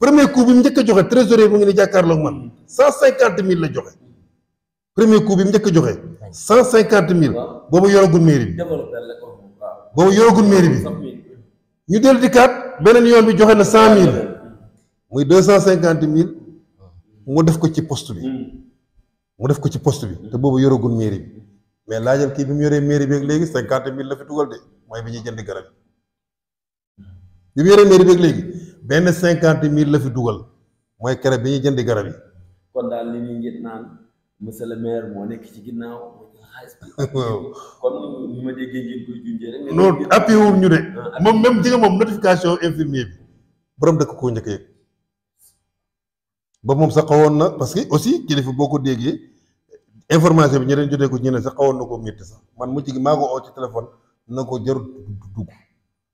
premier coup bi mu njëkk a joxe trésorier mu ngi jàkkaarloog man premier coup bi mu njëkk a joxe cent cinquante mille boobu mairie bi boobu yoragul mairie bi ñu del beneen bi joxe na cent mille muy deux def ko ci poste bi mu def ko ci poste bi te mairie mais laajal kii bi mu yoree mairie de bi benn cinquante mille la fi dugal mooy kere bi ñuy jëndi garab yi. kon daal li ñuy njëkk naan le maire moo nekk ci ginnaaw mooy xaalis bi. waaw kon ni ñu de. Ah, moom même jigéen moom notification infirmier bi borom dëkk koo njëkk yëg ba moom sax xawoon na parce que aussi kilifa boo ko déggee. information bi ñu leen jotee ko ñu ne sax xawoon na ko métti sax man mu ci maa ko oo ci téléphone na ko jarut dugg.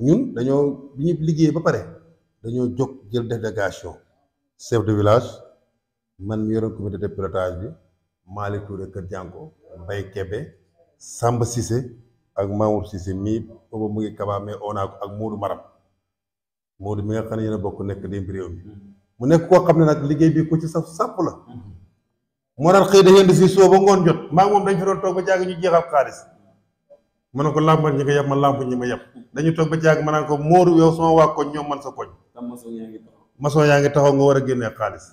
ñun dañoo bi liggéey ba pare dañoo jóg jël délégation chef de village man mi yoroon comité de pilotage bi Malick Touré Kër Jànko Mbaye kebe Samba Cissé ak Mamour Cissé mii boobu mu ngi kabaa mais on a ko ak Modou Maram Modou mi nga xam ne yéen a bokk nekk di réew mi mu nekk koo xam ne nag liggéey bi ku ci saf sàpp la mm-hmm. moo tax xëy da ngeen di si ba ngoon jot maa moom dañ fi toog ba jàng ñu jeexal xaalis mën na ko làmbal ñi ko yab ma làmb ñi ma yab dañu toog ba jàng ma naan ko Modou yow sama waa koñ ñoom man sa koñ mason yaa ngi taxaw nga war a génnee xaalis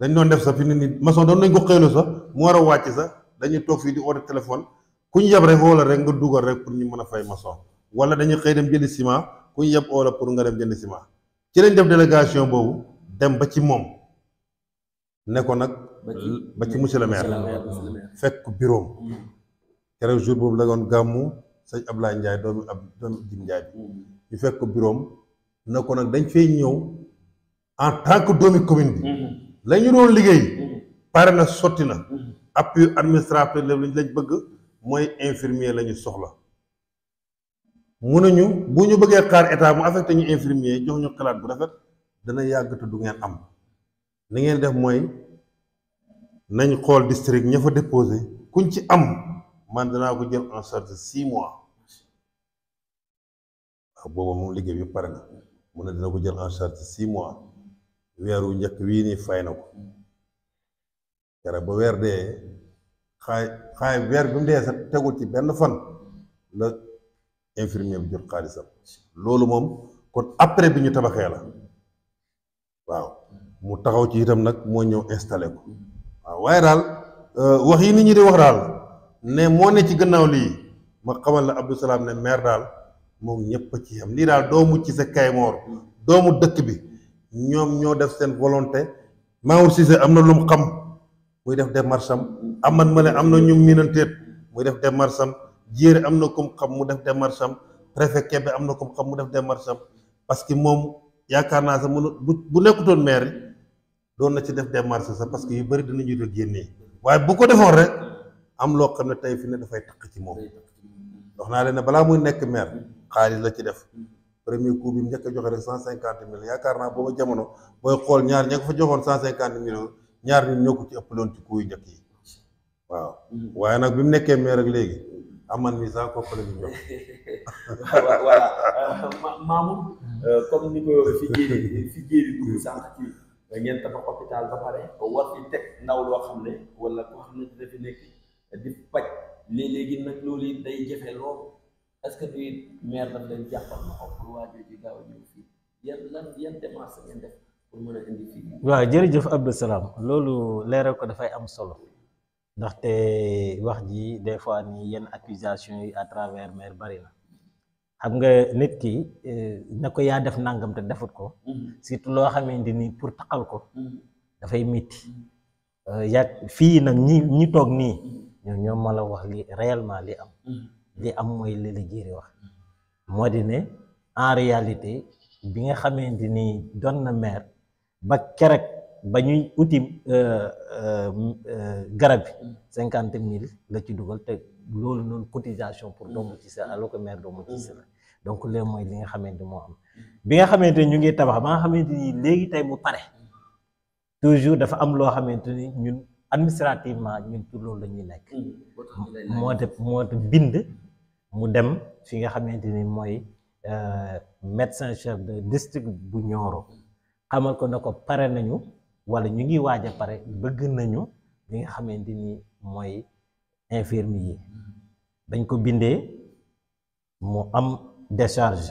dañ doon def sa fi nit ñi maçon doon nañ ko xëylu sax mu war a wàcc sax dañu toog fii di oote téléphone ku ñu yab rek woo la rek nga dugal rek pour ñu mën a fay maçon wala dañuy xëy dem jënd ciment ku ñu yab pour nga dem jënd ciment ci lañ def délégation boobu dem ba ci moom ne ko nag ba ci monsieur le maire fekk bureau keroog jour boobu la doon gàmmu sëñ Ablaye Ndiaye doomu ab doomu Jim Ndiaye bi mm. ñu fekk ko bureau am na ko nag dañ fay ñëw en tant que doomi commune bi mm-hmm. la ñu doon liggéey mm-hmm. pare na sotti na mm-hmm. appui administratif la lañ bëgg mooy infirmier la ñu soxla mënuñu bu ñu bëggee xaar état mu affecté ñu infirmier jox ñu xalaat bu rafet dana yàgg te du ngeen am li ngeen def mooy nañ xool district ña fa déposé kuñ ci am man dana ko jël en charge 6 mois ah, booba mo liggé bi paré na mo ne dina ko jël en charge 6 mois wéru ñëk wi ni nii fay na ko keroog ba wér dé xay xay wér bu ndé sa sax ci benn fan le infirmier bi jël xalisam lolu mom kon après biñu tabaxé la waaw mu taxaw ci itam nak mo ñëw installé ko waaw waaye daal euh, wax yi nit ñi di wax dal ne moo ne ci gannaaw lii ma xamal la Abdou salaam ne maire daal moom ñëpp a ci yam lii daal doomu ci sa Kaymoor doomu dëkk bi ñoom ñoo def seen volonté Mamour Cissé am na lu mu xam muy def démarche am amat ma ne am na ñu minanteet muy def démarche am jéere am na kum xam mu def démarche am préfet Kébé am na kum xam mu def démarche am parce que moom yaakaar naa sax mënu bu bu nekkutoon maire doon na ci def démarche sax parce que yu bëri dinañu doon génnee waaye bu ko defoon rek. am loo xam ne tey fi ne dafay takk ci moom wax naa leen ne balaa muy nekk maire xaalis la ci def premier coup bi mu njëkk a joxe rek cent cinquante mille yaakaar naa booba jamono booy xool ñaar ña ko fa joxoon cent cinquante mille ñaar ñun ñoo ko ci ëppaloon ci coup yu njëkk yi waaw waaye nag bi mu nekkee maire ak léegi aman mi sax kooku la ñu jox voilà euh, euh, ko fi jéeri xam ne wala koo di faj que du a ñëw fii yan jërëjëf Abdou Salam loolu leeral ko dafay am solo ndaxte wax ji des fois ni yenn accusation yi à travers maire bari la xam nga nit ki eh, na ko yaa def nangam te defut ko. Mm-hmm. surtout loo xamante ni pour taxal ko. Mm-hmm. dafay métti. Mm-hmm. Eh, yaa fii nag ñi ñi toog nii. ñoom ñoo ma la wax li réellement li am mm. li am mooy li la jiiri wax moo di ne en réalité bi nga xamante ni doon na maire ba kerek ba ñuy uti euh, euh, garab bi mm. cinquante mille la ci dugal te loolu noonu cotisation pour doomu ci sa alors que maire doomu ci sa mm. donc loolu mooy li nga xamante moo am bi nga xamante ñu ngi tabax ba nga xamante ni léegi tey bu pare toujours dafa am loo xamante ni ñun administrativement ñun ci loolu la ñuy nekk. Mm. moo tax moo tax bind mu dem fi nga xamante ni mooy euh, médecin chef de district bu ñooro xamal ko na ko pare nañu wala ñu ngi waaj pare bëgg nañu bi nga xamante ni mooy yi mm. dañ ko bindee mu am décharge.